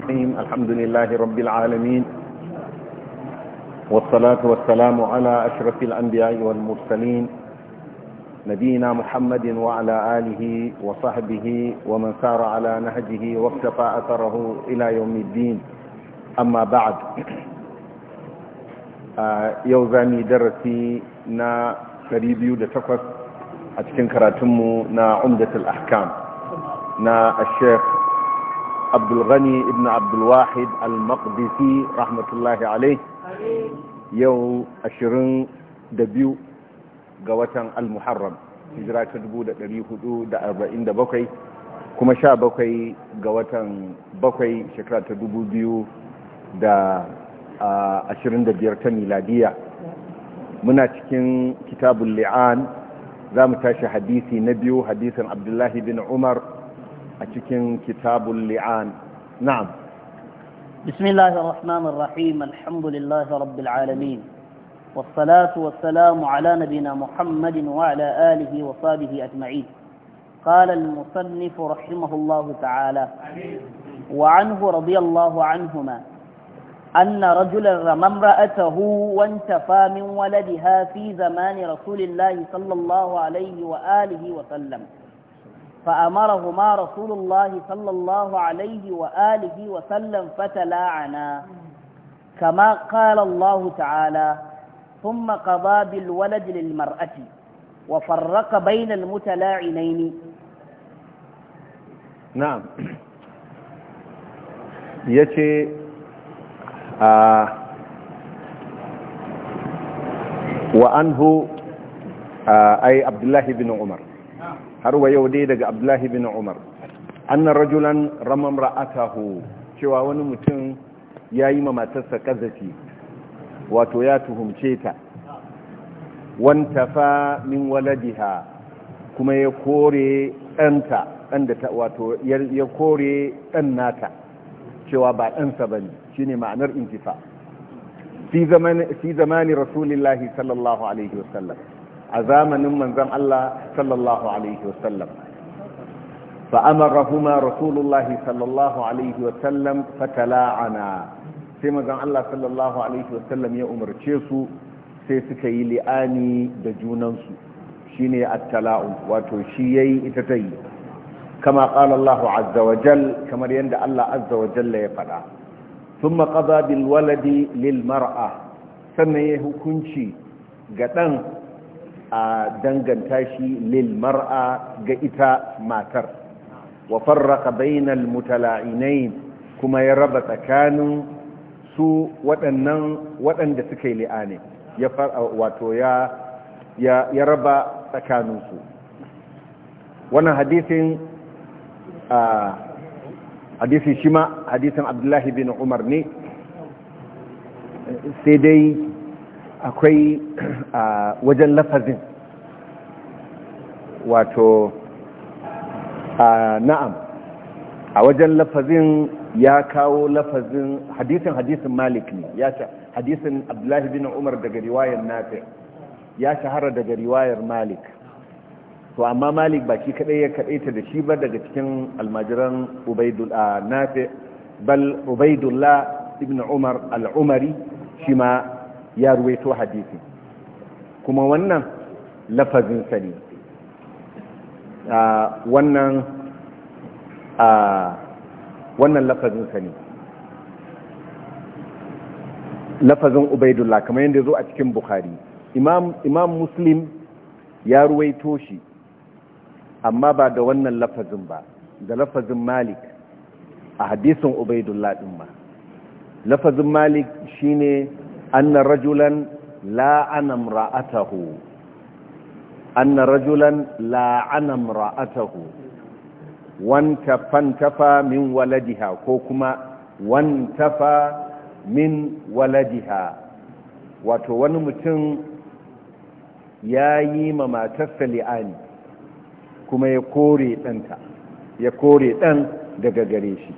الرحيم الحمد لله رب العالمين والصلاة والسلام على أشرف الأنبياء والمرسلين نبينا محمد وعلى آله وصحبه ومن سار على نهجه واقتفى أثره إلى يوم الدين أما بعد آه، يوزاني درسي نا قريبي لتقص أتكن كراتمو نا عمدة الأحكام نا الشيخ abdulghani ibn abdulwahid al-maqdisi rahmatullahi alaih yau 22 ga watan al-muharram hijira ta 447 kuma sha 17 ga watan bakwai shekara ta 2000 da uh, 25 ta miladiya muna cikin kitabun li'an za mu tashi hadisi na biyu hadisan abdullahi bin umar كتاب اللعان نعم بسم الله الرحمن الرحيم الحمد لله رب العالمين والصلاة والسلام على نبينا محمد وعلى آله وصحبه أجمعين قال المصنف رحمه الله تعالى وعنه رضي الله عنهما أن رجلا رمى امرأته وانتفى من ولدها في زمان رسول الله صلى الله عليه وآله وسلم فأمرهما رسول الله صلى الله عليه وآله وسلم فتلاعنا كما قال الله تعالى ثم قضى بالولد للمرأة وفرق بين المتلاعنين نعم يتي آه وأنه آه أي عبد الله بن عمر har wa yau dai daga abdullahi bin umar annan rajulan ramam ra'atahu cewa wani mutum ya yi ma matarsa kazafi wato ya tuhumce ta wanta fa min waladiha kuma ya kore ɗanta wato ya kore ɗan nata cewa ba ɗansa ba ne shi ne ma'anar intifa fi zamani rasulillahi sallallahu alaihi wasallam a zamanin manzan Allah sallallahu Alaihi wasallam. fa’amara kuma rasulullahi sallallahu Alaihi wasallam fatala ana sai manzan Allah sallallahu Alaihi wasallam ya umarce su sai suka yi li'ani da junansu shi ne attala'un wato shi ya ita ta yi kama ƙalallahu azzawajal kamar yadda Allah azzawajalla ya faɗa sun maƙaza bilwaladi lil mar'a sannan ya hukunci ga ɗan a danganta shi lil mar'a ga ita matar wa farraqa bainal mutala'inain kuma ya raba tsakanin su waɗannan waɗanda suka yi li'ani ya wato ya ya raba tsakanin su wannan hadisin hadisin shima hadisin Abdullahi bin Umar ne sai dai akwai wajen lafazin wato na'am a wajen lafazin ya kawo lafazin hadisin hadisin malik ne ya ce hadisin abdullahi bin umar daga riwayar nafi ya shahara daga riwayar malik to amma malik ba shi kadai ya kadaita da shi ba daga cikin almajiran ubaidullah nafi bal ubaidullah ibn umar al'umari shi ma ya ruwaito hadisi kuma wannan lafazin sani wannan wannan lafazin sani lafazin ubaidullah kamar yadda zo a cikin bukhari imam, muslim ya ruwaito shi amma ba da wannan lafazin ba da lafazin malik a hadisin ubaidullah din ma lafazin malik shine anna rajulan la'ana imra'atahu anna rajulan la'ana imra'atahu wanta fantafa min waladiha ko kuma wantafa min waladiha wato wani mutum ya yi ma matarsa li'ani kuma ya kore ɗanta ya kore ɗan daga gare shi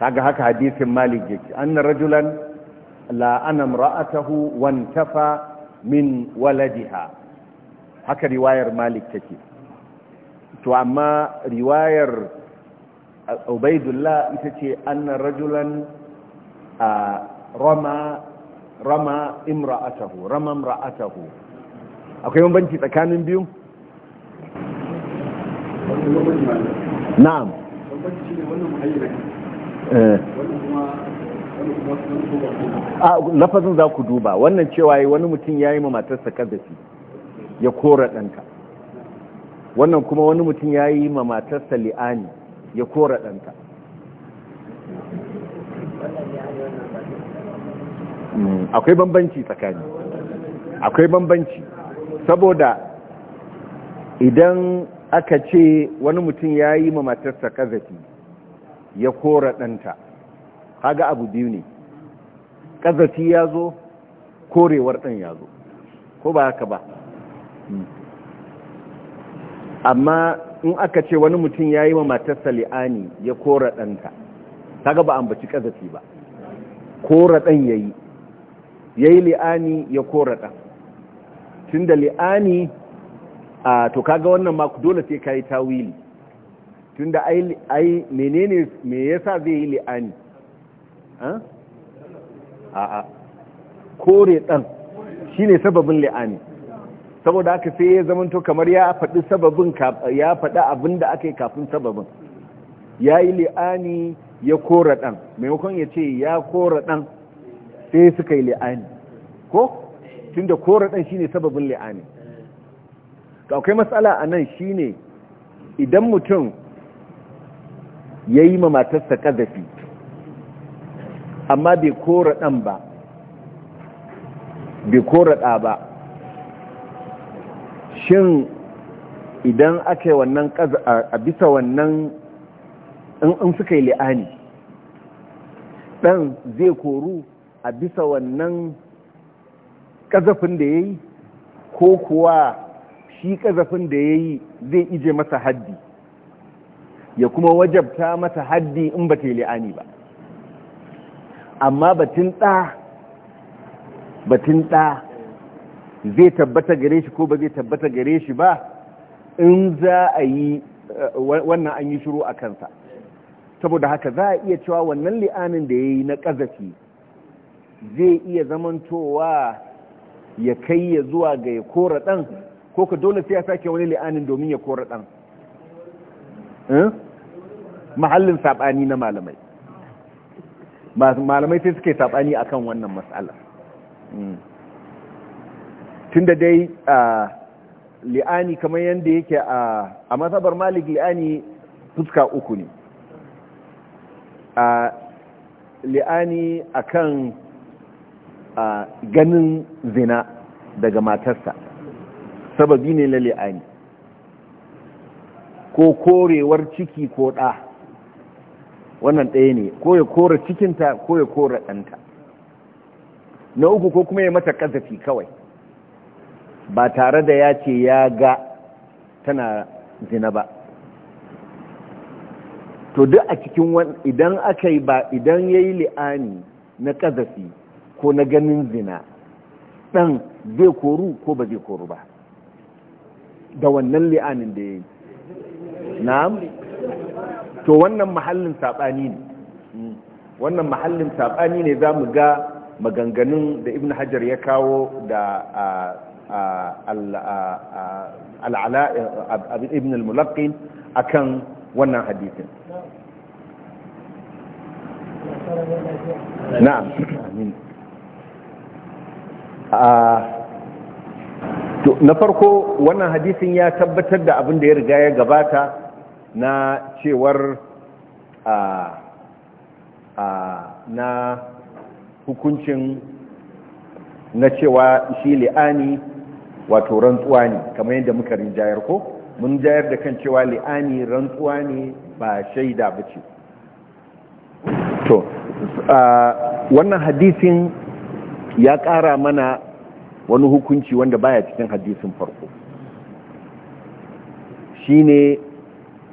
haka hadisin malik yake anna rajulan La'anam ra'atahu wantafa min waladiha haka riwayar malik take to amma riwayar uh, ubaidullah ita ce anna rajulan uh, rama rama imra'atahu rama imra'atahu akwai bambanci tsakanin biyu na'am bambanci ne wannan muhayyira eh. wannan kuma a lafazin za ku duba wannan cewa wani mutum ya yi ma matarsa ƙazafi ya kora ɗanta wannan kuma wani mutum ya yi ma matarsa li'ani ya kora ɗanta hmm, akwai bambanci tsakani akwai bambanci saboda idan aka ce wani mutum ya yi ma matarsa ƙazafi ya kora ɗanta kaga abu biyu ne ƙazafi ya zo korewar ɗin ya zo ko ba haka ba hmm. amma in aka ce wani mutum ya yi wa matarsa li'ani ya kora ɗanta kaga ba baci ƙazafi ba kora ɗan ya yi ya yi li'ani ya kora ɗan tun da li'ani a to kaga wannan maku dole sai ka yi tawili tun da ai menene me yasa zai yi li'ani a'a kore ɗan shine sababin li'ani saboda aka sai ya zamanto kamar ya faɗi sababin ya faɗi abin da aka yi kafin sababin ya yi li'ani ya kora ɗan maimakon ya ce ya kora ɗan sai suka yi li'ani ko tun da kora ɗan shine sababin li'ani akwai matsala a nan shine idan mutum ya yi ma matarsa ƙazafi amma bai kora ɗan ba bai kora ɗa ba shin idan aka yi wannan a bisa wannan in suka yi li'ani ɗan zai koru a bisa wannan ƙazafin da ya yi ko kuwa shi ƙazafin da ya yi zai ije masa haddi ya kuma wajabta masa haddi in ba ta yi li'ani ba amma batun ɗa batun ɗa zai tabbata gare shi ko ba zai tabbata gare shi ba in za a yi eh, wannan an yi shiru a kansa saboda haka za a iya cewa wannan li'anin da ya yi na ƙazafi zai iya zamantowa ya kai ya zuwa ga ya kora ɗan ko ka dole sai ya sake wani li'anin domin ya kora ɗan eh? mahallin saɓani na malamai malamai sai suke saɓani a kan wannan matsala mm. tun da dai li'ani kamar yadda yake a matsabar malik li'ani fuska uku ne li'ani a ganin zina daga matarsa sababi ne na li'ani ko korewar ciki ko ɗa wannan ɗaya ne ko ya kora cikinta ko ya kora ɗanta na uku ko kuma ya mata ƙazafi kawai ba tare da ya ce ya ga tana zina ba to duk a cikin idan aka yi ba idan ya yi li'ani na ƙazafi ko na ganin zina ɗan zai koru ko ba zai koru ba da wannan li'anin da ya yi na'am to wannan mahallin saɓani ne wannan mahallin saɓani ne za mu ga maganganun da ibn hajar ya kawo da al'ala ibn al-mulaqin akan wannan hadisin na'am na farko wannan hadisin ya tabbatar da abin da ya riga ya gabata na cewar a na hukuncin na cewa shi li'ani wato rantsuwa ne kamar yadda muka rinjayar ko mun jayar da kan cewa li'ani rantsuwa ne ba shaida ba ce to wannan hadisin ya ƙara mana wani hukunci wanda baya cikin hadisin farko shine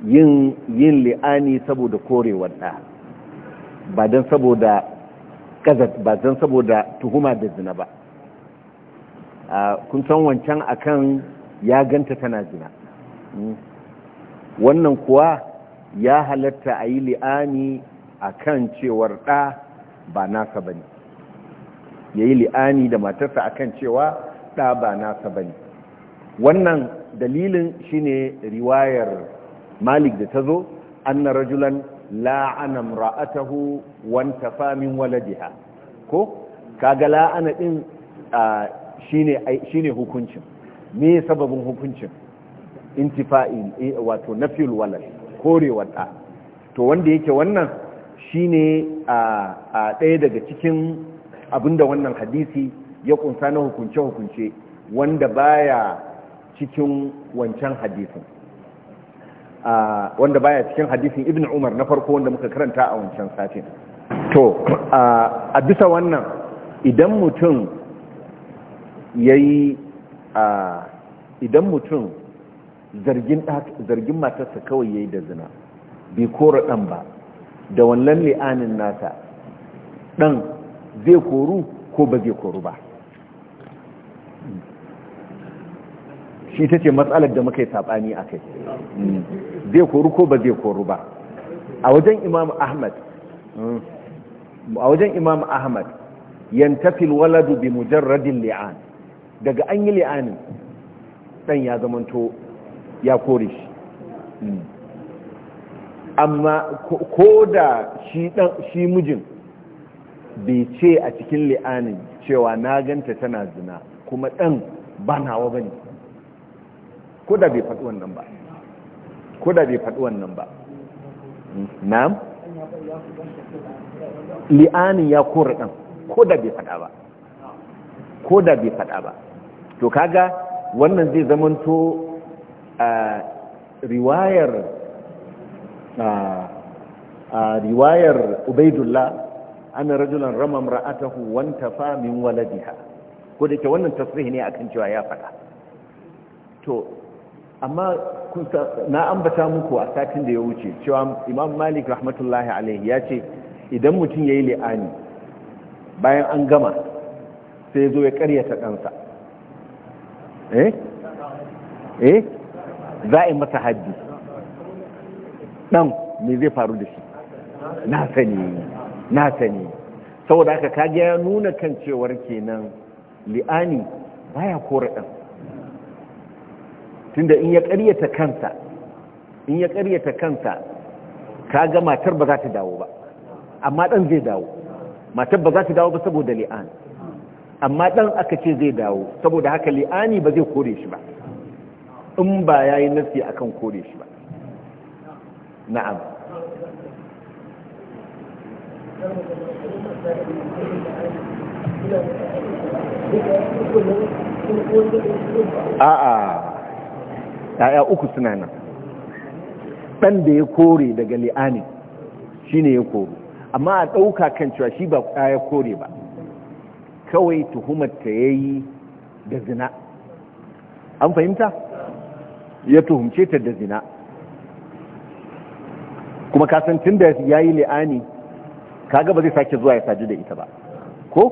yin yin li'ani saboda korewar ɗa, ba dan saboda kazat ba dan saboda tuhuma da zina ba kun san wancan akan ya ganta tana zina hmm. wannan kuwa ya halatta a yi li'ani a kan cewar ɗa ba nasa ba ne ya yi li'ani da matarsa akan cewa ɗa ba nasa ba ne wannan dalilin shine riwayar malik da ta zo anna rajulan la'ana imra'atahu wanta famin waladiha ko kaga la'ana din shine hukuncin me sababin hukuncin intifa'i e, wato nafil walad Korewa ta, to wanda yake wannan shine a ɗaya daga cikin abinda wannan hadisi ya kunsa na hukunce-hukunce wanda baya cikin wancan hadisin wanda baya cikin hadisin ibn umar na farko wanda muka karanta a wancan satin to a bisa wannan idan mutum ya yi idan mutum zargin matarsa kawai yayi da zina bai kora ɗan ba da wannan li'anin nasa ɗan zai koru ko ba zai koru ba shi ta ce matsalar da muka yi saɓani a kai zai koru ko ba zai koru ba a wajen imam ahmad a wajen imam ahmad yantafil waladu bi mujarradin li'an daga an yi li'anin ɗan ya zamanto ya kore shi amma ko da shi mijin bai ce a cikin li'anin cewa na ganta tana zina kuma ɗan ba nawa ba ne ko da bai faɗi wannan ba ko da bai faɗi wannan ba na'am li'anin ya kore ɗan ko da bai faɗa ba ko da bai faɗa ba to kaga wannan zai zamanto a riwayar a riwayar ubaidullah ana rajulan ramam ra'atahu wanta fa min waladiha ko da ke wannan tasrihi ne akan cewa ya faɗa to amma na ambata muku a satin da ya wuce cewa imam malik rahmatullahi alaihi ya ce idan mutum ya yi li'ani bayan an gama sai zo ya karyata ɗansa eh eh za a haddi ɗan me zai faru da shi na sani na sani saboda aka kage ya nuna kan cewar kenan li'ani baya kora ɗansa tunda in ya ƙaryata kansa in ya ƙaryata kansa ka ga matar ba za ta dawo ba amma ɗan zai dawo matar ba za ta dawo ba saboda li'an amma ɗan aka ce zai dawo saboda haka li'ani ba zai kore shi ba in ba ya yi nafi akan kore shi ba na'am a'a ya'ya uku suna nan ɗan da ya kore daga li'ani shi ne ya kore amma a ɗauka kan cewa shi ba ya kore ba kawai tuhumar ta ya yi da zina an fahimta ya tuhumce ta da zina kuma kasantin da ya yi li'ani kaga ba zai sake zuwa ya sadu da ita ba ko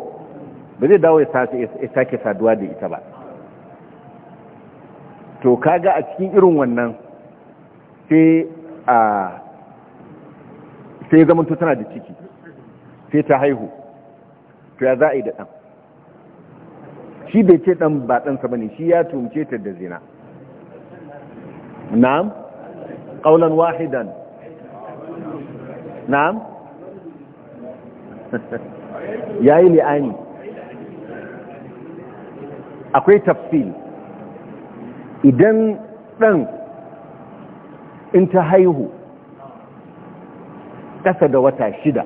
ba zai dawo ya sake saduwa da ita ba to kaga a cikin irin wannan sai a sai tana da ciki sai ta haihu to ya za a yi da ɗan shi bai ce ɗan ba ɗansa ba ne shi ya tumce ta da zina na'am ƙaunar wahidan na'am ya yi li'ani akwai tafsil idan ɗan in ta haihu ƙasa da wata shida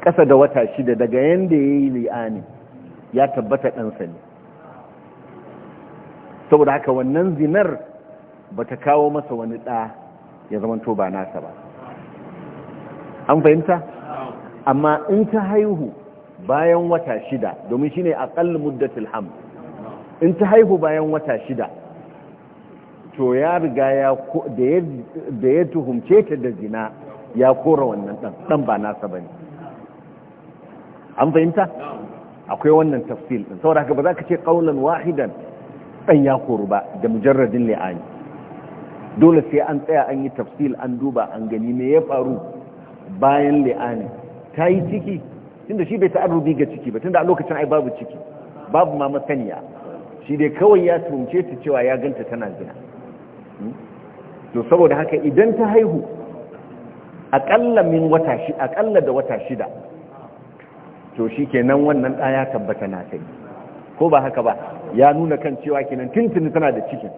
ƙasa da wata shida daga yanda ya yi li'ani ya tabbata ɗansa ne saboda haka wannan zinar ba ta kawo masa wani ɗa ya zamanto ba nasa ba an fahimta amma in ta haihu bayan wata shida domin shi shine aqall muddatul hamd in ta haihu bayan wata shida to ya riga da ya tuhumce ta da zina ya kora wannan dan, dan ba nasa ba ne an fahimta akwai wannan tafsil ɗin saboda haka ba za ka ce ƙaunar wahidan Dan ya koru ba da mujarradin li'ani. dole sai an tsaya an yi tafsil an duba an gani me ya faru bayan li'ani. ta yi ciki tunda shi bai ta arubi ga ciki ba tunda a lokacin ai babu ciki babu ma masaniya shi dai kawai ya tumce ta cewa ya ganta tana zina hmm? to saboda haka idan ta haihu akalla min wata shi akalla da wata shida to shi nan wannan ɗaya tabbata na yi, ko ba haka ba ya nuna kan cewa kenan tuntuni tana da cikin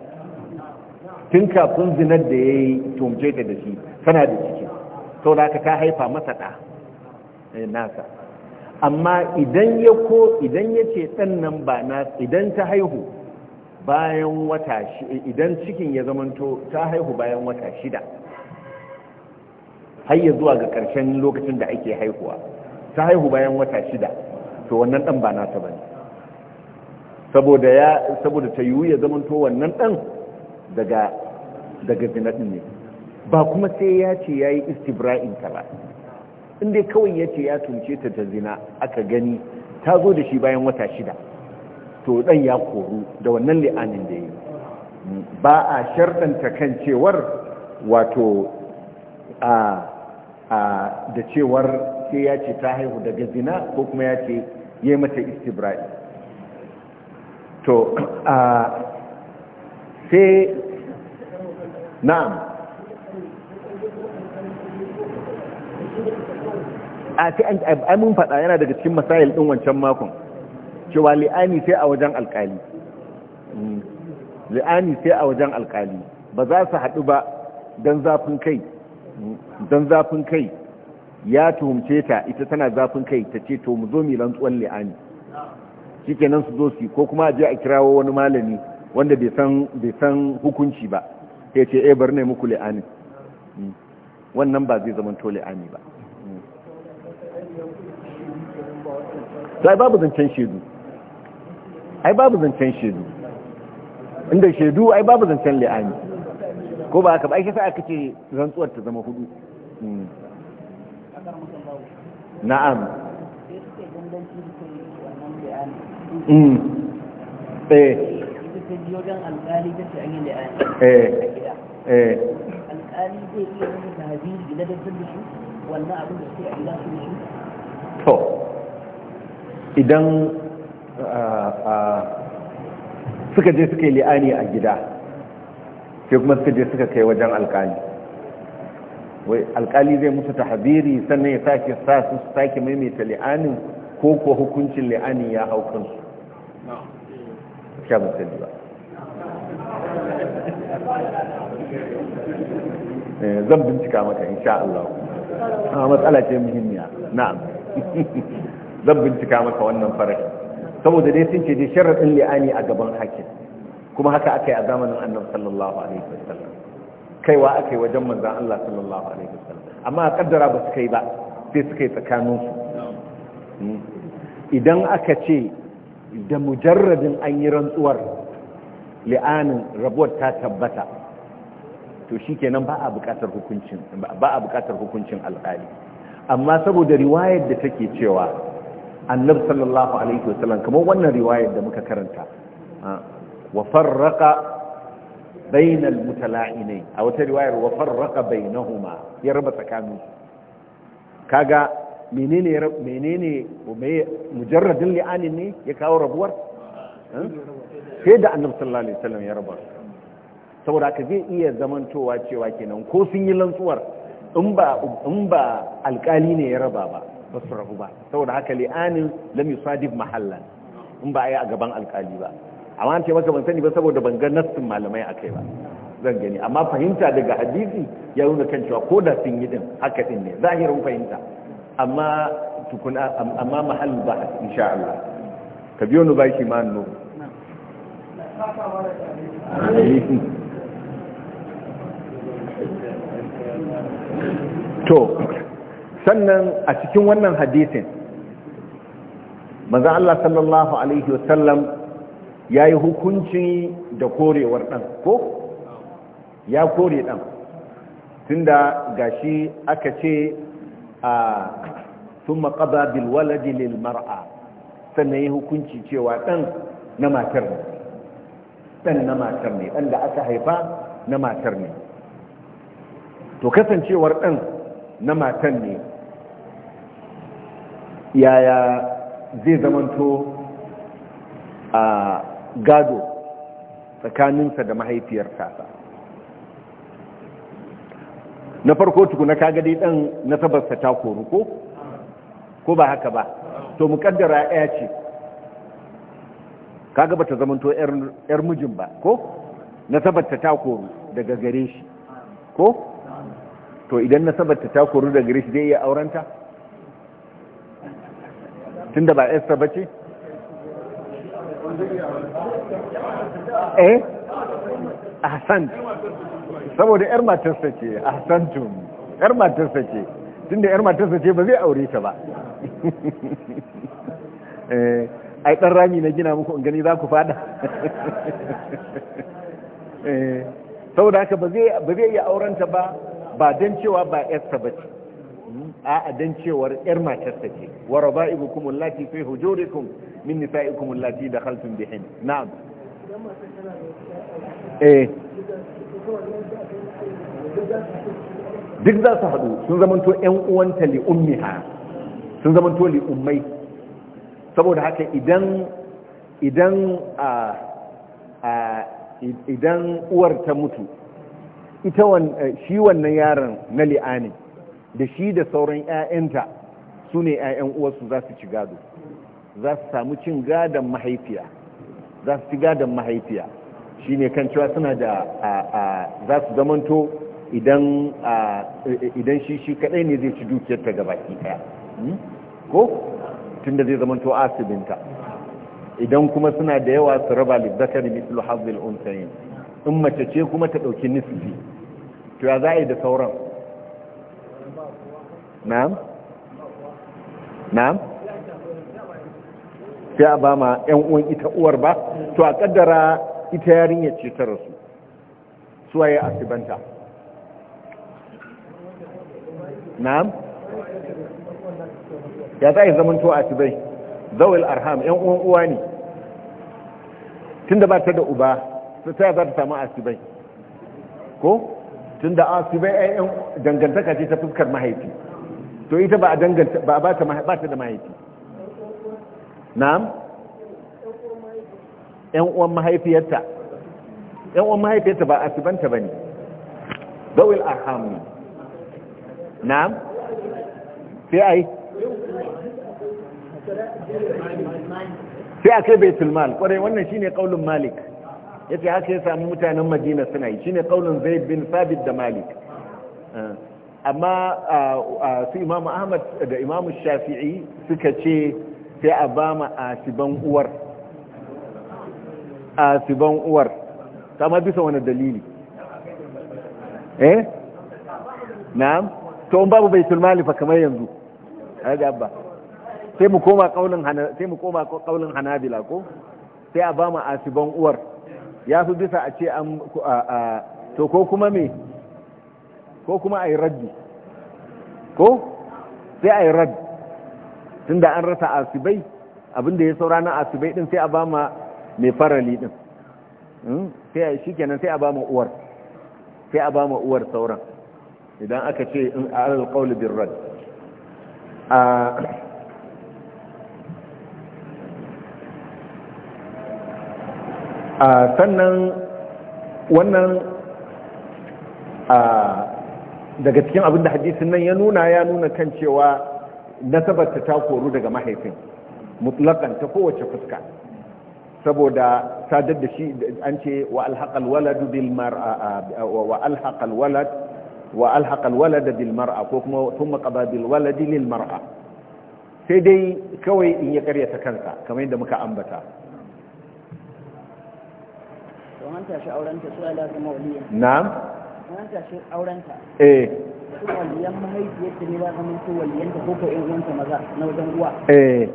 tun kafin zinar da ya yi tumce ta da shi tana da cikin saboda haka ta haifa masa ɗa eh, nasa amma idan ya ko idan ya ce ɗan nan ba na idan ta haihu bayan wata idan cikin ya zamanto ta haihu bayan wata shida har ya zuwa ga ƙarshen lokacin da ake haihuwa ta haihu bayan wata shida to wannan ɗan ba na ta bane saboda ya saboda ta yiwu ya zamanto wannan ɗan daga daga zinaɗin ne ba kuma sai ya ce ya yi istibra'in ta ba in dai kawai ya ce ya tunce ta ta zina aka gani ta zo da shi bayan wata shida to dan ya koru da wannan li'anin da yi ba a sharɗanta kan cewar wato a da cewar sai ya ce ta haihu daga zina ko kuma ya ce ya mata istibra'i to sai na'am a sai an mun faɗa yana daga cikin masayil ɗin wancan makon cewa li'ani sai a wajen alkali li'ani sai a wajen alkali ba za su haɗu ba don zafin kai don zafin kai ya tuhumce ta ita tana zafin kai ta ce to mu zo mu rantsuwan li'ani shikenan su zo su ko kuma a je a kirawo wani malami wanda bai san hukunci ba sai ce eh bar ne muku li'ani. wannan ba zai zama tole ami ba sai babu zancen shedu ai babu zancen shedu inda shedu ai babu zancen li'ani ko ba haka ba ai sai aka ce rantsuwar ta zama hudu hmm. na'am hmm. Eh. eh eh idan suka je suka yi li'ani a gida sai kuma suka je suka kai wajen alkali wai alƙali zai musu ta habiri sannan ya sake sa su sake maimaita li'anin ko ko hukuncin li'anin ya hau kansu mutane ba Eh, zan bincika maka insha Allah a ah, matsala ce muhimmiya na'am zan bincika maka wannan farashi saboda dai sun ce dai sharaɗin li'ani a gaban hakim kuma haka aka yi a zamanin annabi sallallahu alaihi wasallam kaiwa aka yi wajen manzan Allah sallallahu alaihi wasallam amma a kaddara ba su kai ba sai suka yi tsakanin su hmm. idan aka ce da mujarradin an yi rantsuwar li'anin rabuwar ta tabbata to shikenan ba a buƙatar hukuncin ba a bukatar hukuncin alƙali amma saboda riwayar da take cewa annabi sallallahu alaihi wasallam kamar wannan riwayar da muka karanta ah, wa farraqa bayna almutala'inai a wata riwayar wa farraqa bainahuma ya raba tsakanin kaga menene menene mujarradin li'anin ne ya kawo rabuwar eh? sai da annabi sallallahu alaihi wasallam ya raba saboda ka zai iya zamantowa cewa kenan ko sun yi lantsuwar in ba in ba alkali ne ya raba ba ba su rabu ba saboda haka li'anin lam yusadif mahallan in ba ai a gaban alkali ba amma an ce maka ban sani ba saboda ban ga nassin malamai akai ba zan gani amma fahimta daga hadisi ya nuna kan cewa ko da sun yi din haka din ne zahirin fahimta amma tukuna amma mahallu ba insha Allah ka biyo ni baki ma nu to sannan a cikin wannan hadisin manzan Allah sallallahu Alaihi wasallam ya yi hukunci da korewar ɗan ko? ya kore ɗan tunda gashi aka ce a sun maƙaba bilwala lil mar'a sannan ya hukunci cewa ɗan na matar ne ɗan na matar ne ɗan da aka haifa na matar ne to kasancewar ɗan na matan ne yaya zai zamanto a gado tsakaninsa da mahaifiyar tasa na farko tukuna kaga dai ɗan nasabarsa ta koru ko ko ba haka ba to muƙaddara ɗaya ce kaga bata zamanto yar mijin ba ko na nasabarta ta koru daga gare shi ko to idan nasabar ta ta koru da gare shi zai iya aurenta tun da ba esther ba ce eh ahsan saboda yar matarsa ce tun yar matarsa ce tun da yar matarsa ce ba zai aure ta ba eh ai dan rami na gina muku in gani za ku fada eh saboda haka ba zai ba zai iya aurenta ba ba don cewa ba yarsa ba ce a don cewar yar matarsa ce wa raba'ibukum allati fi hujurikum min nisa'ikum allati dakhaltum bihin na'am eh duk za su haɗu sun zamanto ‘yan uwanta li'ummiha sun zamanto li'ummai saboda haka idan idan a idan uwar ta mutu ita eh, shi wannan yaron na li'ani da shi da sauran 'ya'yanta su ne 'ya'yan uwarsu za su ci gado za su samu cin gadon mahaifiya za su ci gadon mahaifiya shi ne kan cewa suna da za su zamanto idan shi shi kadai ne zai ci dukiyar ta ki daya hmm? ko tun da zai zamanto asibinta idan kuma suna da yawa su raba lizzakar mislu hazil unsayin in mace ce kuma ta ɗauki nisfi to ya za a yi da sauran na'am na'am sai a ba ma 'yan uwan ita uwar ba to a kaddara ita yarinya ce ta rasu suwaye asibanta na'am ya za a yi zamanto asibai zawil arham 'yan uwan uwa ne tun da ba ta da uba su ta za ta samu asibai ko tun da asibai ai dangantaka ce ta fuskar mahaifi to ita ba a danganta ba ba ta ba ta da mahaifi na'am yan uwan mahaifiyarta yan uwan mahaifiyarta ba asibanta bane dawil arham na'am sai ai sai akai baitul mal kwarai wannan shine kaulin malik yace haka ya sami mutanen madina suna yi shine kaulin zai bin sabit da malik eh, amma su imamu ahmad da imamu shafi'i suka ce sai a ba ma asiban uwar asiban uwar ma bisa wani dalili eh na'am to babu bai mali fa kamar yanzu ga abba sai mu koma kaulin hanabila ko sai a ba mu asiban uwar ya fi bisa a ce an to ko kuma me ko kuma a yi raddi ko sai a yi raddi tun da an rasa asibai abinda ya saura na asibai din sai a ba ma mai farali din hmm? shi kenan sai a ba ma uwar sai a ba ma uwar sauran idan aka ce in alal qawli bin raddi a sannan wannan a daga cikin abin da hadisin nan ya nuna ya nuna kan cewa nasabarta ta koru daga mahaifin mutlakan ta kowace fuska saboda sadar da shi an ce wa alhaƙal walad bil mar'a wa walad wa walad bil mar'a ko kuma tun maƙaba bil walad mar'a sai dai kawai in ya karyata kansa kamar yadda muka ambata an shi aurenta su ala na'am shi aurenta eh su waliyan ne za maza na wajen uwa eh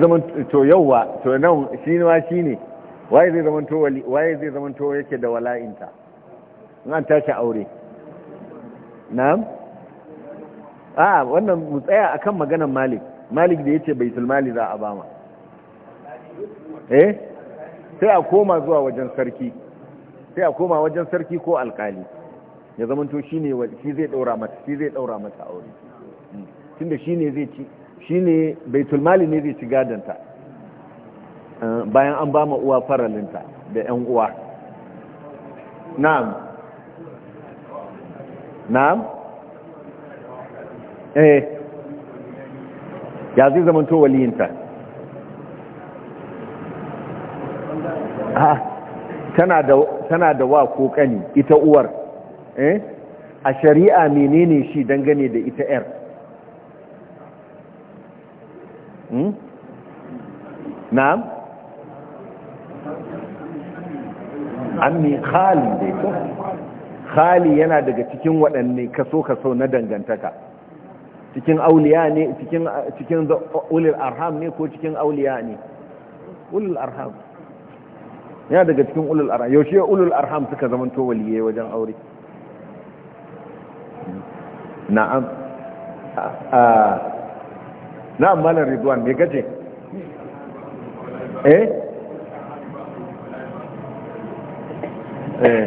zaman to to nan shi ma shi ne waye zai zaman to waye zai zaman to yake da wala'inta in an tashi aure na'am a ah, wannan mu tsaya akan maganar malik malik da yace baitul mali za a bama eh sai a koma zuwa wajen sarki sai a koma wajen sarki ko alkali ya zamanto shi ne shi zai daura mata shi zai daura mata aure tunda shi ne zai ci shi ne baitul mali ne zai ci gadanta eh, bayan an ba ma uwa faralinta da yan uwa na'am na'am eh ya zai zamanto waliyinta tana da wa ko kani ita uwar eh? a shari'a menene shi dangane da ita yar hmm? na'am ammi khali dai ko khali yana daga cikin waɗanne kaso-kaso na dangantaka cikin auliya ne cikin cikin ulil arham ne ko cikin auliya ne ulil arham ya daga cikin ulul arham yaushe ulul arham suka zama to wajen aure na'am na'am malar ridwan me gaje eh eh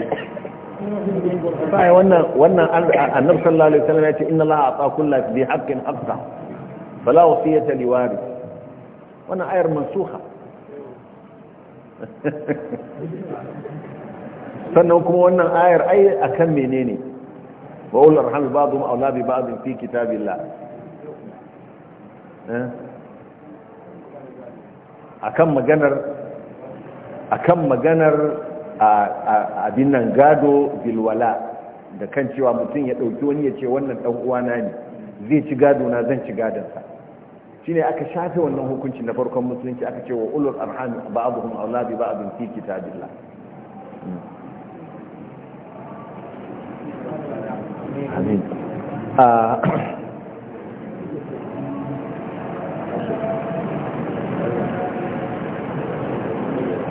bai wannan wannan annabi sallallahu alaihi wasallam ya ce inna allaha ata kullu bi haqqin haqqan fala wasiyata liwari wannan ayar mansuha sannan kuma wannan ayar ai akan menene wa ulul ba ba'dhum awla bi ba'd fi kitabillah eh akan maganar akan maganar abin nan gado bilwala da kan cewa mutum ya dauki wani ya ce wannan dan uwana ne zai ci gado na zan ci gadon sa shine aka shafe wannan hukunci na farkon musulunci aka ce wa ulul arham ba'dhum awla ba'dhum fi kitabillah amin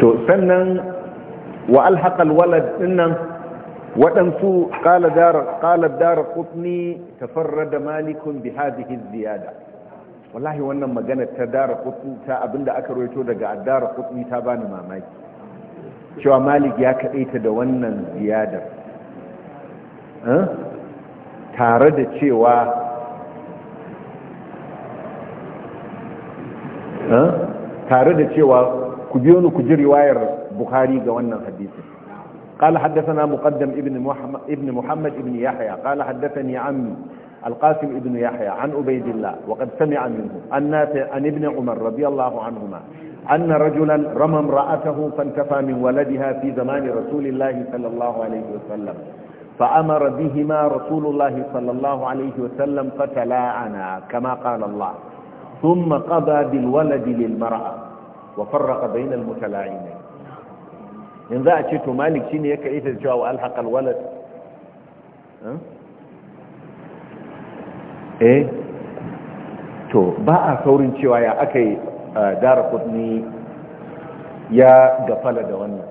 to sannan wa alhaqal walad dinnan waɗansu ƙalar dara ƙutni tafarra da malikun bi hadhihi ziyada wallahi wannan magana ta dara kutu ta abinda aka roito daga dara kutu ta bani mamaki cewa malik ya kaɗaita da wannan ziyadar eh? tare da cewa eh? tare da cewa ku biyo ni ku ji riwayar bukhari ga wannan hadisi قال حدثنا مقدم ابن محمد ابن محمد ابن يحيى قال حدثني عمي القاسم ابن يحيى عن عبيد الله وقد سمع منه أن, عن ابن عمر رضي الله عنهما أن رجلا رمى امرأته فانتفى من ولدها في زمان رسول الله صلى الله عليه وسلم فأمر بهما رسول الله صلى الله عليه وسلم فتلاعنا كما قال الله ثم قضى بالولد للمرأة وفرق بين المتلاعين إن ذا شئت مالك شيني يكا إيث ألحق الولد أه؟ eh to ba a saurin cewa ya aka yi dara kudni ya gafala da wannan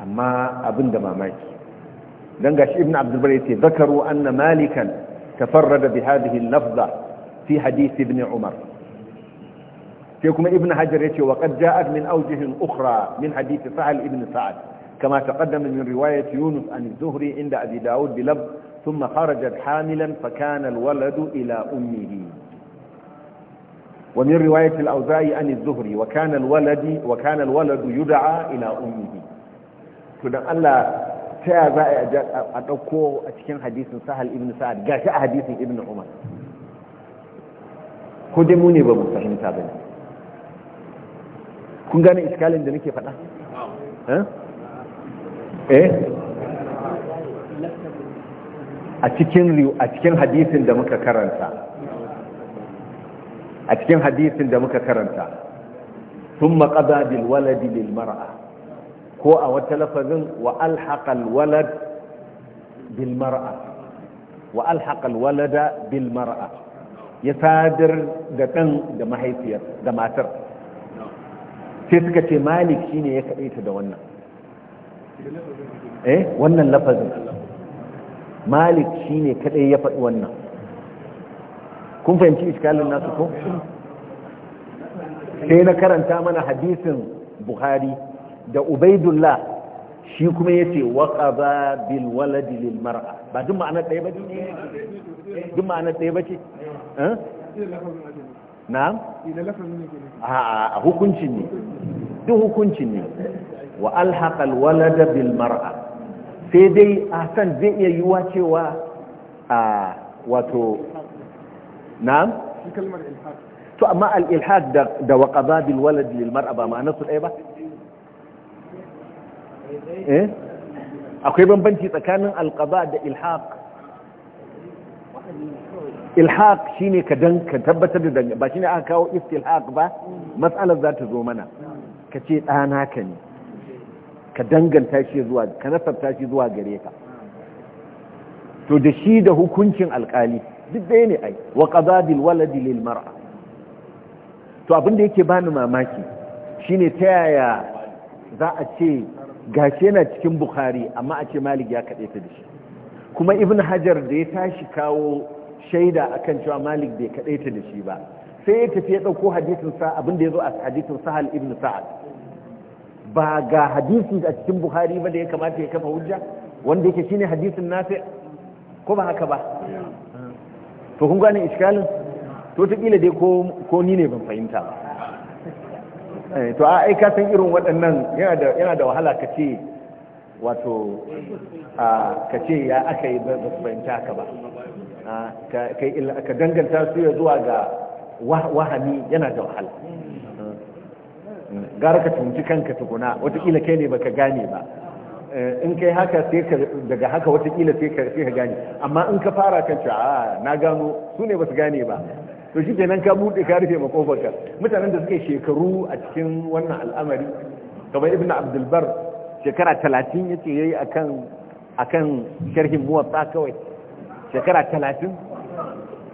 amma abin da mamaki don gashi ibn abdulbar yace zakaru anna malikan tafarrada bi hadhihi lafza fi hadith ibn umar sai kuma ibn hajar yace wa qad ja'at min awjihin ukhra min hadith sa'al ibn sa'ad kama taqaddama min riwayat yunus an az-zuhri inda abi daud bi lafz ثم خرجت حاملا فكان الولد إلى أمه ومن رواية الأوزاء عن الزهري وكان الولد وكان الولد يدعى إلى أمه كنا ألا تأذى أدوكو أتكين حديث سهل ابن سعد قاشا حديث ابن عمر كدموني بمستحيم تابعين kun gane iskalin da nake fada? eh? a cikin hadisin da muka karanta a cikin hadisin da muka karanta ko a wata lafazin wa alhaqa walad bil wa walada bilmar'a ya sadar da ɗan da mahaifiyar da matar sai suka ce malik shine ya kadaita da wannan eh wannan lafazin malik shine kadai ya faɗi wannan kun fahimci iskallin nasu ko sai na karanta mana hadisin buhari da ubaidullah shi kuma yace waqaba bil waladi lil mar'a ba duk ma'anar ɗaya ba ce duk ma'anar ɗaya ba ce na'am a hukuncin ne duk hukuncin ne wa alhaqa al bil mar'a sai dai a san zai iya yiwa cewa a wato na'am to amma al-ilhad da wa bil walad lil mar'a ba ma'ana su ɗaya ba eh? akwai bambanci tsakanin al-qada da ilhaq ilhaq shine ka dan ka tabbatar da ba shine aka kawo istilhaq ba Matsalar za ta zo mana Ka ce ɗana ka ne ka danganta shi zuwa ka nasarta shi zuwa gare ka to da shi da hukuncin alkali duk ɗaya ne ai wa qadadil waladi lil mar'a to abin da yake bani mamaki shine ta yaya za a ce gashi yana cikin bukhari amma a ce malik ya kade ta da shi kuma ibn hajar da ya tashi kawo shaida akan cewa malik bai kade ta da shi ba sai ya tafi ya ɗauko hadisin sa abin da ya zo a hadisin sahal ibn sa'ad ba ga hadisi a cikin buhari ba da ya kamata ya kafa hujja wanda yake shine hadisin nafi ko ba haka ba to kun gane iskalin to ta kila dai ko ni ne ban fahimta ba eh, to a aika san irin waɗannan yana da wahala ka ce wato ka ce ya aka yi ba su fahimta haka ba ka danganta su ya zuwa ga wahami yana da wahala gara ka tunci kanka tukuna watakila kai ne baka gane ba eh, in kai haka sai ka daga haka watakila sai ka gane amma in ka fara kan cewa a ah, na gano su ne basu gane ba to shi kenan ka buɗe ka rufe makofarka mutanen da suke shekaru a cikin wannan al'amari kamar ibn abdulbar shekara talatin ya ce ya yi a kan sharhin muwatsa kawai shekara talatin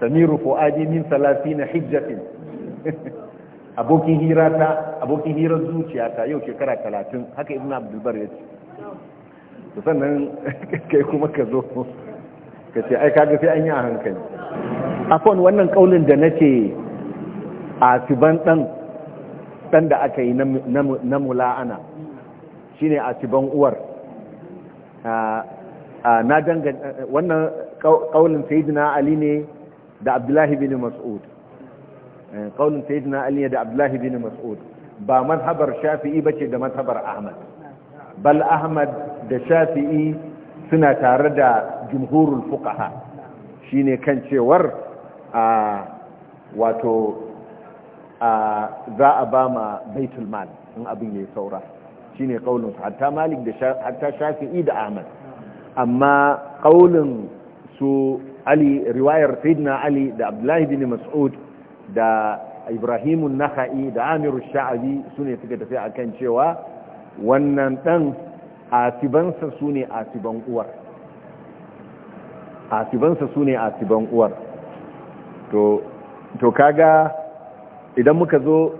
samiru fu'adi min salafi na hijjatin abokin hira ta abokin hira zuciya ta yau shekara talatin haka ibn abdulbar ya ce to sannan kai kuma ka zo ka ce ai kaga sai an yi a hankali afon wannan kaulin da ce a siban dan dan da aka yi na mula'ana shine a siban uwar na dangane wannan kaulin sayyidina ali ne da abdullahi bin mas'ud qaulun sayyidina ali da Abdullahi bin mas'ud ba mazhabar shafi'i bace da mazhabar ahmad bal ahmad da shafi'i suna tare da jumhurul fuqaha shine kan cewar a wato a za a ba ma baitul mal in abin yayi saura shine kaulin hatta malik da hatta shafi'i da ahmad amma kaulin su ali riwayar sayyidina ali da abdullahi bin mas'ud da ibrahimun naha'i da amiru sha'abi su ne suka tafi a kan cewa wannan ɗan asibansa su ne asiban uwar asibansa su ne asiban uwar to kaga idan muka zo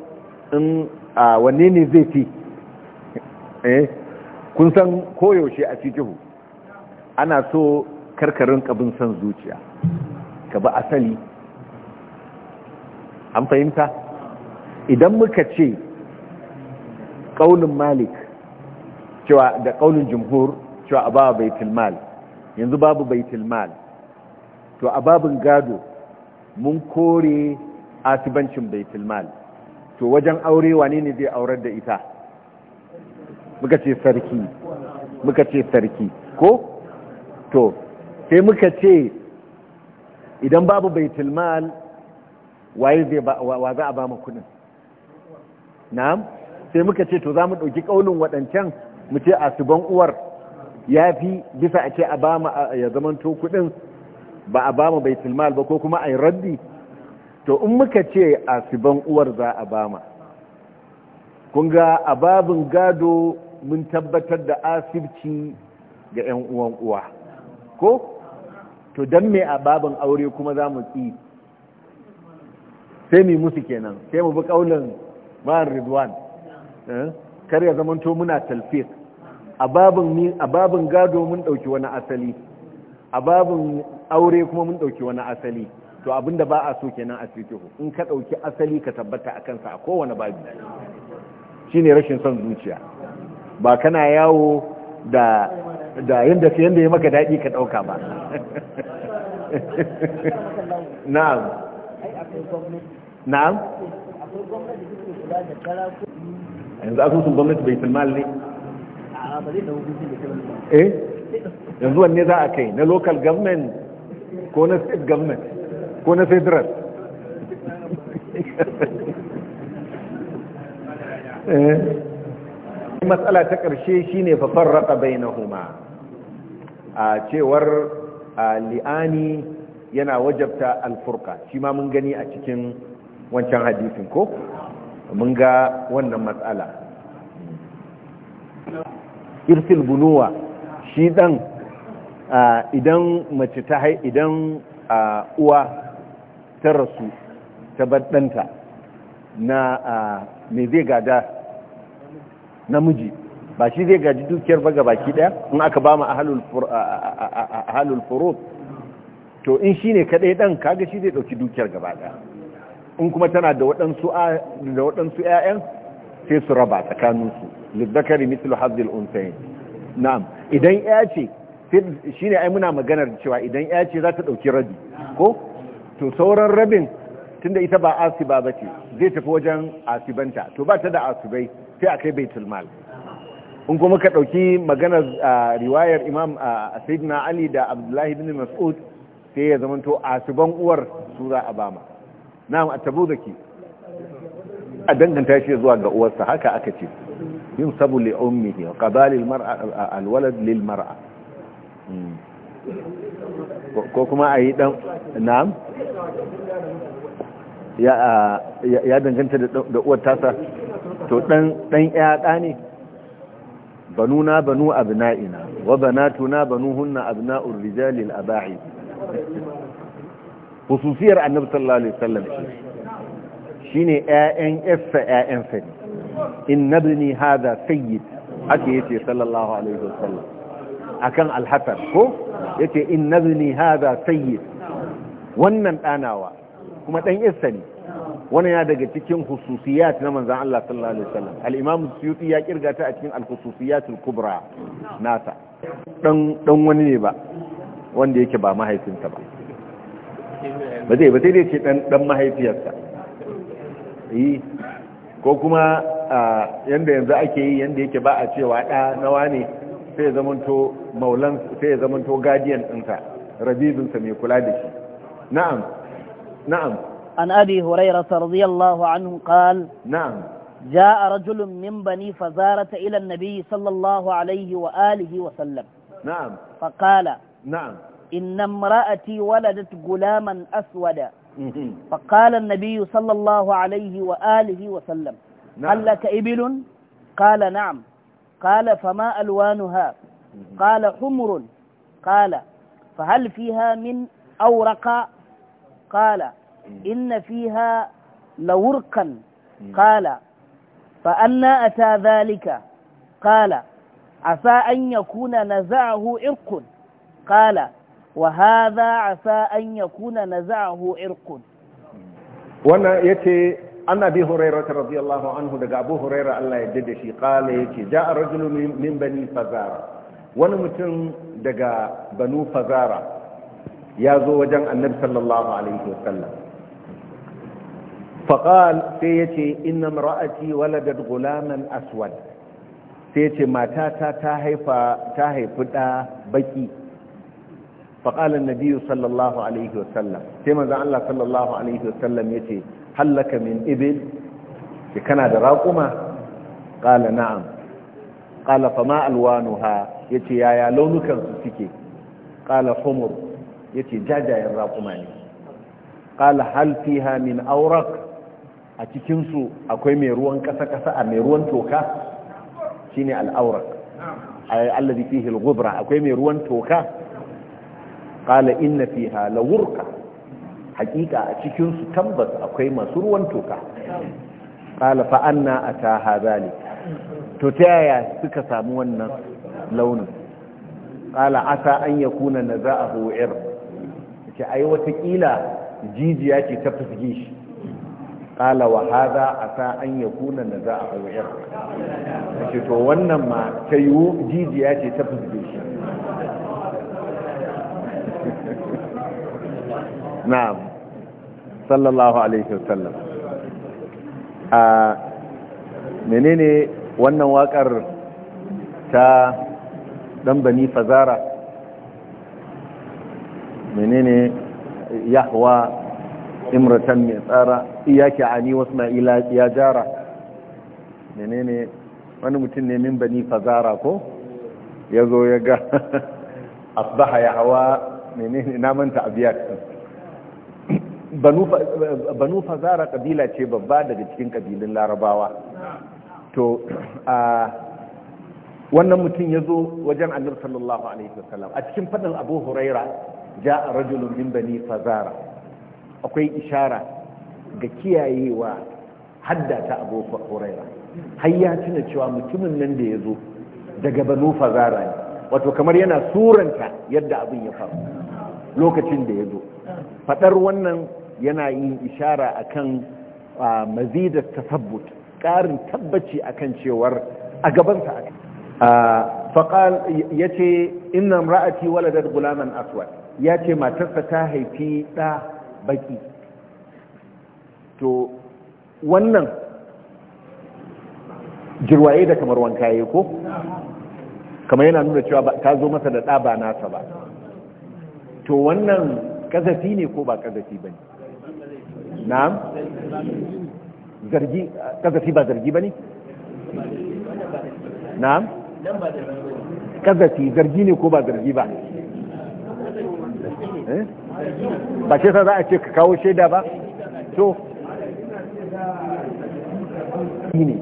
in a wanne ne zai fi eh kun san koyaushe a cikihu ana so karkarin kabin son zuciya ka ba asali an fahimta idan muka ce ƙaunin malik cewa da ƙaunin jumhur cewa a bawa baitul mal yanzu babu baitul mal to a babin gado mun kore asibancin baitul mal to wajen aure wani ne zai aurar da ita muka ce sarki muka ce sarki ko to sai muka ce idan babu baitul mal waye zai wa za a ba mu kudin na'am sai muka ce to za mu ɗauki ƙaunin waɗancan mu ce a suban uwar ya fi bisa a ce a ba mu ya zamanto kudin ba a ba mu baitul mal ba ko kuma a yi raddi to in muka ce a suban uwar za a ba mu kun ga a babin gado mun tabbatar da asibci ga 'yan uwan uwa ko to don me a babin aure kuma za mu sai mu musu kenan sai mu bi kaulin ma'an ridwan eh? kar ya zamanto muna talfiq a babin gado mun dauki wani asali a babin aure kuma mun dauki wani asali to abinda ba a so kenan a fiqh in ka dauki asali ka tabbata a kansa a kowane babi shine rashin son zuciya ba kana yawo da da yanda yanda ya maka dadi ka dauka ba na'am ai akwai gwamnati na'am yanzu asusun gwamnati bai tilmal ne eh yanzu wanne za a kai na local government ko na state government ko na federal eh. matsala ta ƙarshe shine fafar raka bai na huma a cewar li'ani yana wajabta alfurka shi ma mun gani a cikin wancan hadisin ko mun ga wannan matsala irsil bunuwa shi dan idan mace ta hai idan uwa ta rasu ta baddanta na me zai gada namiji ba shi zai gaji dukiyar ba gabaki daya in aka ba mu ahalul furu to in shine kadai dan kaga shi zai dauki dukiyar gaba daya in kuma tana da waɗansu da ƴaƴan sai su raba tsakaninsu lizzakari mithlu hazzil unsayin na'am idan ƴa ce shine ai muna maganar cewa idan ƴa ce za ta ɗauki rabi ko to sauran rabin tunda ita ba asiba ba ce zai tafi wajen asibanta to ba ta da asibai sai a kai baitul mal in kuma ka ɗauki maganar riwayar imam sayyidina ali da abdullahi bin mas'ud sai ya zamanto asiban uwar su za a bama na'am da ke a danganta shi zuwa ga uwarsa haka aka ce yin sabu li ummihi wa qabali al-walad lil mar'a hmm. ko kuma a yi dan na'am ya danganta da uwar tasa to dan dan ya ne banuna banu abu abna'ina wa na banu banatuna banuhunna abna'ur rijali al-aba'i hususiyar annabi sallallahu alaihi wasallam shi ne ƴaƴan yassa ƴaƴansa ne in nabni hada sayyid ake yace sallallahu alaihi wasallam akan alhasan ko yace in nabni hada sayyid wannan danawa kuma dan yassa ne wannan ya daga cikin hususiyat na manzon Allah sallallahu alaihi wasallam al suyuti ya kirga ta a cikin al-hususiyatul kubra nasa dan dan wani ne ba wanda yake ba mahaifinta ba ba zai ba sai dai ce dan mahaifiyarsa yi ko kuma yanda yanzu ake yi yanda yake ba a cewa ɗa nawa ne sai ya zamanto maulan sai zamanto guardian ɗinsa mai kula da shi na'am na'am an abi hurairah radiyallahu anhu qal na'am جاء رجل من بني فزارة إلى النبي صلى الله عليه وآله وسلم نعم فقال نعم إن امرأتي ولدت غلاما أسودا فقال النبي صلى الله عليه وآله وسلم نعم. هل لك إبل قال نعم قال فما ألوانها قال حمر قال فهل فيها من أورق قال إن فيها لورقا قال فأنا أتى ذلك قال عسى أن يكون نزعه إرق قال wa hadha asa an yakuna naza'ahu irqun wannan yace an abi hurairah radiyallahu anhu daga abu hurairah Allah ya dade shi kala yace ja'a rajulun min bani fazara wani mutum daga banu fazara ya zo wajen annabi sallallahu alaihi wasallam faqal sai yace inna imra'ati waladat gulaman aswad sai yace matata ta haifi ɗa baki فقال النبي صلى الله عليه وسلم كما ذا الله صلى الله عليه وسلم يتي هل لك من إبل كان هذا راقمة قال نعم قال فما ألوانها يتي يا يا لونك سكي قال حمر يتي جاجا الراقمة قال هل فيها من أورق أتكنسو أكوي ميروان كسا كسا ميروان توكا شيني الأورق الذي فيه الغبرة أكوي ميروان توكا qala inna hala wurka. hakika a cikinsu tambas akwai masu ruwan toka Kala fa'anna a ta hadhalik to ta yaya suka samu wannan launin qala asa an yakuna naza'ahu ir ce a yi kila jijiya ce ta fusge shi qala wa hadha asa an yakuna naza'ahu ir ce to wannan ma ta yiwu jijiya ce ta fusge shi na'am sallallahu alaihi wasallam a menene wannan wakar ta dan bani fazara menene yahwa imratan mai tsara iyaki ani wasma'ila ya jara menene wani mutum ne min bani fazara ko ya zo ya ga asbaha ya hawa menene na manta abiyat banu fazara kabila ce babba daga cikin kabilun larabawa to a wannan mutum ya zo wajen annab sallallahu alaihi wasallam a cikin fadin abu huraira ja rajulun min bani fazara akwai ishara ga kiyayewa hadda ta abu huraira har ya tuna cewa mutumin nan da ya zo daga banu fazara ne wato kamar yana suranta yadda abin ya faru lokacin da ya zo faɗar wannan yana yin ishara akan mazidar tasabbut ƙarin tabbaci akan cewar a gabansa aka faƙal ya ce inna ra'ati waladar gulaman aswad ya ce matarsa ta haifi ɗa baƙi to wannan jirwaye da kamar wanka ya ko kamar yana nuna cewa ta zo masa da ɗa ba nasa ba to wannan ƙazafi ne ko ba ƙazafi ba ne na'am zargi kazafi ba zargi ba ne na'am kazafi zargi ne ko ba zargi ba eh? ba ce sa za a ce ka kawo shaida ba to ne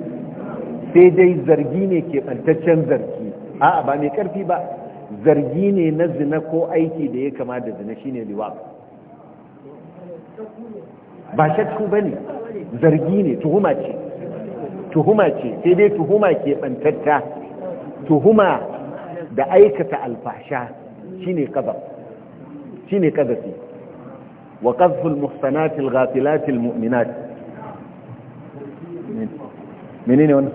sai dai zargi ne ke ɓantaccen zargi a'a ba mai ƙarfi ba zargi ne na zina ko aiki da ya kama da zina shine liwa ba shakku ba ne zargi ne tuhuma ce tuhuma ce sai dai tuhuma ke ɓantatta tuhuma da aikata alfasha shine kazaf shine kazafi wa qazful muhsanati alghafilati almu'minat menene wannan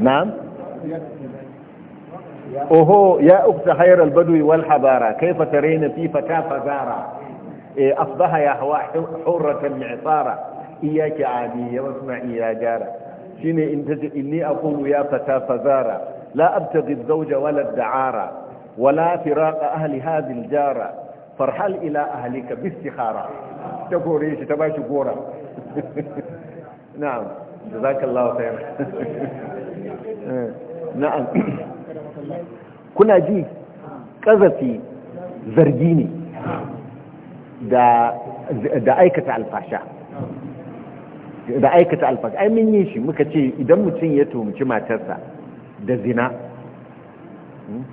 na'am oho ya ukta hayar albadwi wal habara kaifa tarayna fi fata fazara إيه، أصبح يا هو حرة معطارة إياك عادية واسمعي يا جارة شين إني أقول يا فتاة فزارة لا أبتغي الزوج ولا الدعارة ولا فراق أهل هذه الجارة فارحل إلى أهلك باستخارة تقول إيش تباشي قورة نعم جزاك الله خير نعم كنا جي كذا في زرجيني da aikata alfasha da aikata alfasha ai mun yi shi muka ce idan mutum ya tumci matarsa da zina hmm,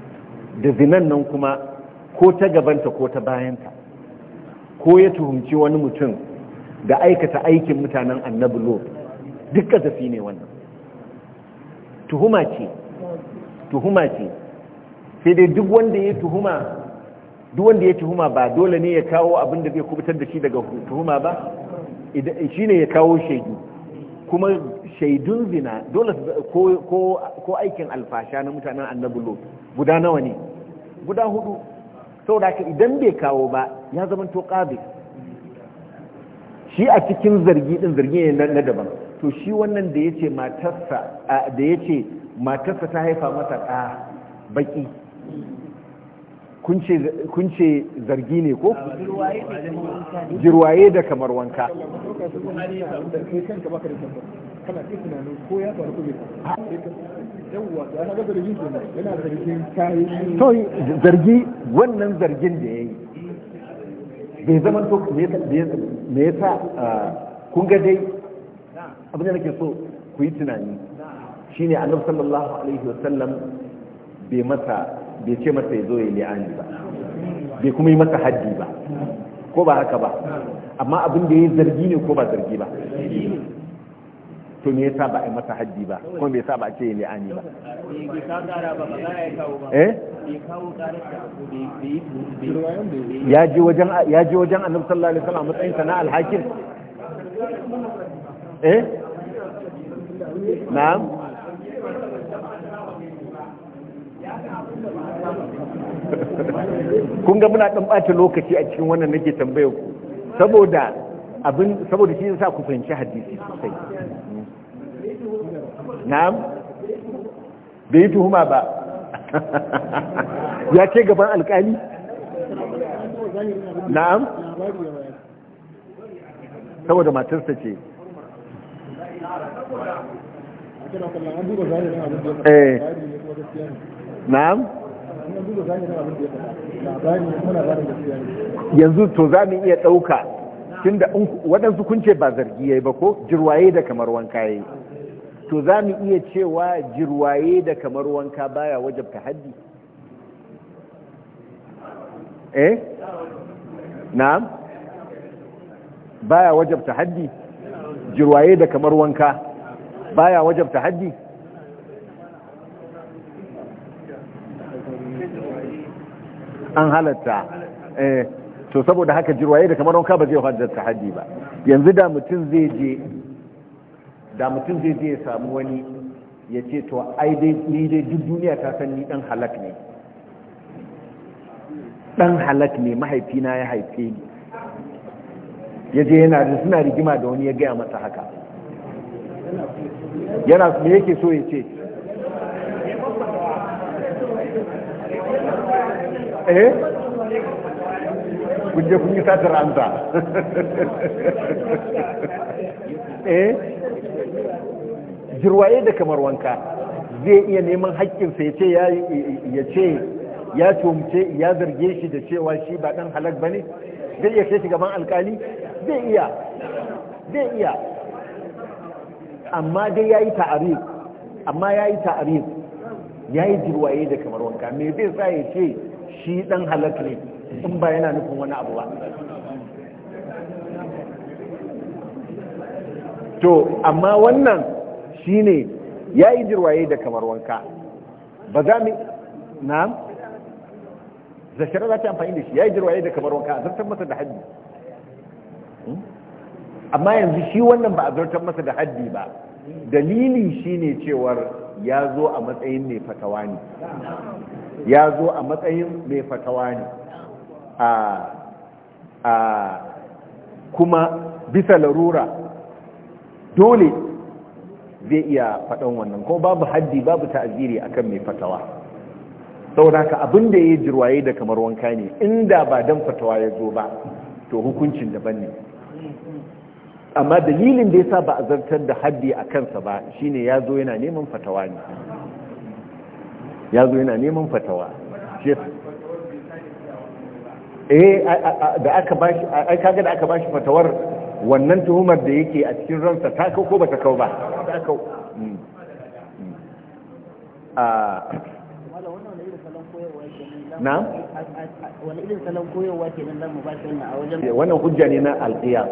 da zinan nan kuma ko ta gabanta ko ta bayanta ko ya tuhumci wani mutum da aikata aikin mutanen annabi lot duk kazafi ne wannan tuhuma ce tuhuma ce sai dai duk wanda ya tuhuma duk wanda ya tuhuma ba dole ne ya kawo abin da zai kubutar da shi daga tuhuma ba shi ne ya kawo shaidu kuma shaidun zina dole ko aikin alfasha na mutanen annabulo guda nawa ne guda hudu saboda haka idan bai kawo ba ya zama to kabe shi a cikin zargi din zargi ne na daban to shi wannan da yace matarsa matarsa ta haifa masa ɗa baƙi. kun ce zargi ne ko jirwaye da kamar wanka to zargi wannan zargin da ya yi bai zama to me ya sa kun ga dai abin da nake so ku yi tunani shine annabi sallallahu alaihi wasallam bai masa bai ce masa ya zo ya li'ani ba bai kuma yi masa haddi ba ko ba haka ba amma abin da ya yi zargi ne ko ba zargi ba to me yasa ba a yi masa haddi ba ko me yasa ba a ce ya li'ani ba ya ji wajen ya ji wajen annabi sallallahu alaihi wasallam matsayin sana alhakim eh na'am kun ga muna ɗan ɓata lokaci a cikin wannan nake tambaya ku saboda abin saboda shi yasa ku fahimci hadisi sosai na'am bai tuhuma ba ya ce gaban alkali na'am saboda matarsa ce eh. na'am yanzu to za mu iya ɗauka tun da waɗansu kun ce ba zargi ya yi ba ko jirwaye da kamar wanka ya yi to za mu iya cewa jirwaye da kamar wanka baya ta haddi eh na'am baya ta haddi jirwaye da kamar wanka baya ta haddi an halatta eh, to saboda haka jirwa da kamar wanka ba zai hajjar tahaddi ba yanzu da mutum zai je da mutum zai je ya samu wani ya ce to ai dai ni dai duk duniya ta san ni dan halak ne dan halak ne mahaifina ya haife ni ya je yana da suna rigima da wani ya gaya masa haka yana me yake so ya ce eh kun je kun yi ta taranta eh jirwaye da kamar wanka zai iya neman haƙƙinsa ya ce ya ce ya tumce ya zarge shi da cewa shi ba ɗan halak ba ne zai iya kai shi alkali zai iya zai iya amma dai ya yi ta'arif amma ya yi ta'arif ya yi jirwaye da kamar wanka me zai sa ya ce shi dan halak ne in ba yana nufin wani abu ba to amma wannan shine ya yi jirwaye da kamar wanka ba za mu na zashara za ta amfani da shi ya yi jirwaye da kamar wanka a zartar masa da haddi hmm? amma yanzu shi wannan ba a zartar masa da haddi ba dalili shine cewar ya zo a matsayin ne fatawa ne ya zo a matsayin mai fatawa ne a kuma bisa larura dole zai iya faɗan wannan ko babu haddi babu ta'aziri akan mai fatawa saboda abin da ya jirwaye da kamar wanka ne inda ba dan fatawa ya zo ba to hukuncin daban ne amma dalilin da ya sa ba a zartar da haddi a kansa ba shine ya zo yana neman fatawa ne ya zo yana neman fatawa eh da aka bashi ai kaga da aka bashi fatawar wannan tuhumar da yake a cikin ransa ta kau ko bata kau ba ta kau mm. mm. na wani irin salon koyarwa ke nan mu ba shi a wajen eh, wannan hujja ne na alqiyas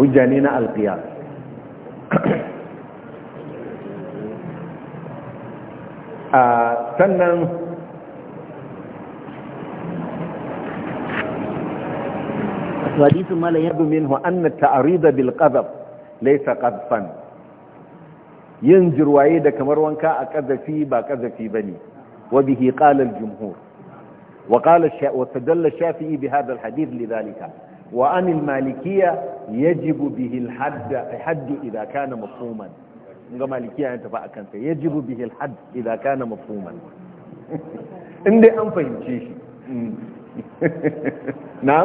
hujja ne na alqiyas sannan آه، حديث ما لا يبدو منه أن التعريض بالقذف ليس قذفا ينجر وعيد كمروان كاء قذفي با قذفي بني وبه قال الجمهور وقال الشا... واستدل الشافعي بهذا الحديث لذلك وأن المالكية يجب به الحد حد إذا كان مفهوما ga malikiya ya tafi akan ya yajibu bihil had idza kana mafhuman in dai an fahimce shi na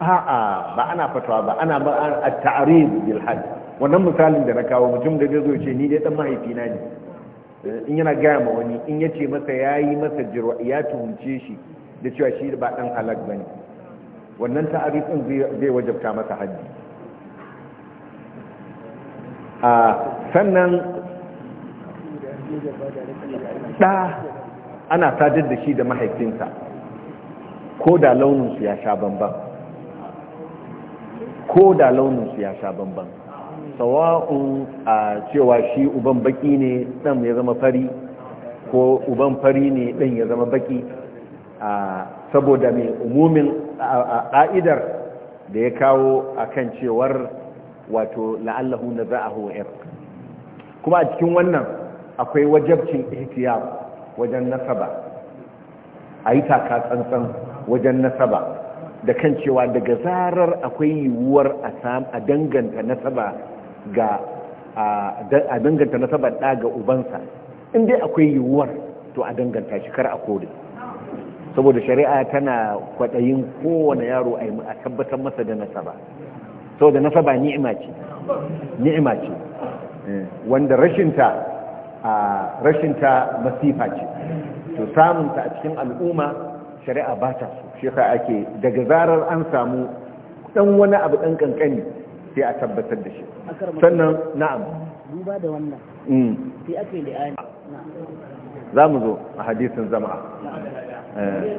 a'a ba ana fatawa ba ana ba at-ta'rid bil hadd wannan misalin da na kawo mutum da zai ce ni dai dan mahaifina ne eh, in yana gaya ma wani in ya ce masa ya yi masa jirwa ya tuhumce shi da cewa shi ba dan halak ba ne wannan ta'arifin zai wajabta masa hajji a sannan ɗa ana sadar da shi da mahaifinsa ko da launinsu ya sha bambam ko da launinsu ya sha bambam sawa'un a cewa shi uban baki ne ɗan ya zama fari ko uban fari ne ɗan ya zama baki saboda mai umumin a ƙa'idar da ya kawo akan cewar wato la'allahu na naza'ahu yar kuma a cikin wannan akwai wajabcin ihtiyar wajen nasaba a yi taka tsantsan wajen nasaba da kan cewa daga zarar akwai yiwuwar a danganta nasaba ga a danganta nasaba ɗa ga ubansa in dai akwai yiwuwar to a danganta shi kar a kore saboda shari'a tana kwaɗayin kowane yaro a tabbatar masa da nasaba saboda nasaba ni'ima ce ni'ima ce eh, wanda rashinta a rashinta masifa ce to samunta a cikin al'umma shari'a ba ta so shi ake daga zarar an samu dan wani abu dan kankani sai a tabbatar da shi sannan na'am duba da wannan mm. sai ake li'ani za mu zo a hadisin zama eh.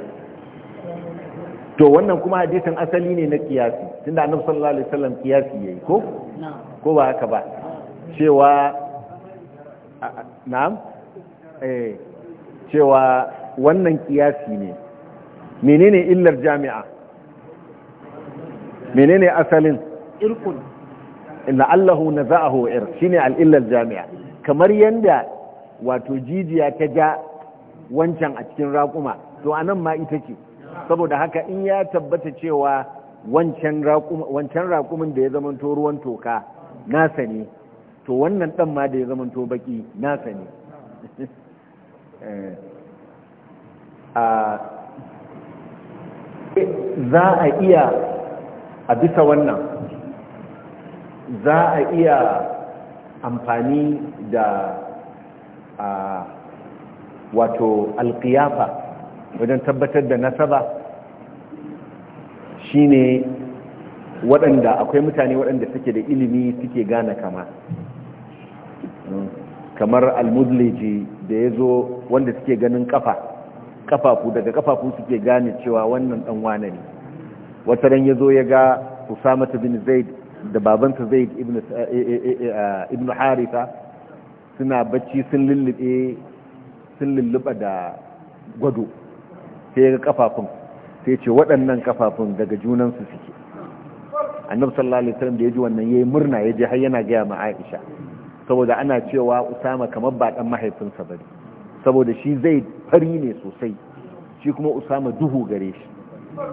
to wannan kuma hadisin asali ne na kiyasi tunda annabi sallallahu alaihi wasallam kiyasi yayi ko ko ba haka ba cewa na'am eh cewa wannan kiyasi ne menene illar jami'a menene asalin irkun allahu naza'ahu ir shine al-illar jami'a kamar yanda wato jijiya ta ja wancan a cikin raƙuma to anan ma ita ce saboda haka in ya tabbata cewa wancan raƙumin da ya zamanto ruwan toka nasa ne to wannan ɗan ma da ya zamanto baƙi nasa ne eh. za a iya a bisa wannan za a iya amfani da wato alƙiyafa wajen tabbatar da nasaba shine waɗanda akwai mutane waɗanda suke da ilimi suke gane kama kamar almudliji da ya zo wanda suke ganin kafa kafafu daga kafafu suke gane cewa wannan dan wane ne wata ran ya zo ya ga usama bin zaid da babanta zaid eh, eh, eh, ah, ibn haritha suna bacci sun lullube da gwado sai ya ga kafafun sai ce waɗannan kafafun daga junansu suke annabi sallallahu alaihi wasallam da ya ji wannan ya yayi murna ya ji har yana gaya ma Aisha saboda ana cewa Usama kamar ba dan mahaifinsa bane saboda shi zai fari ne sosai shi kuma Usama duhu gare shi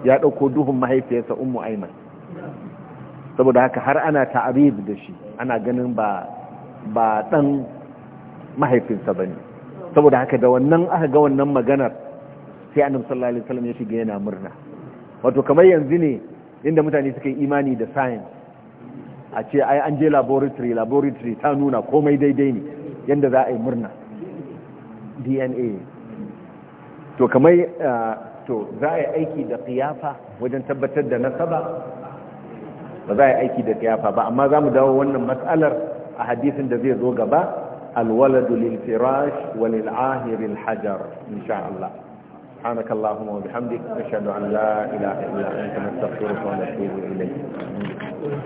ya ɗauko duhun mahaifiyarsa Ummu Aiman saboda haka har ana ta'arib da shi ana ganin ba ba dan mahaifinsa bane saboda haka da wannan aka ga wannan maganar sai annabi sallallahu alaihi wasallam ya shiga yana murna wato kamar yanzu ne inda mutane suka yi imani da science a ce ai an je laboratory laboratory ta nuna komai daidai ne yanda za a yi murna dna to kamar to za a yi aiki da kiyafa wajen tabbatar da nasaba ba za a yi aiki da kiyafa ba amma za mu dawo wannan matsalar a hadisin da zai zo gaba alwaladu lil firash ahir ahiril hajar insha Allah سبحانك اللهم وبحمدك اشهد أن لا إله إلا أنت نستغفرك ونتوب إليك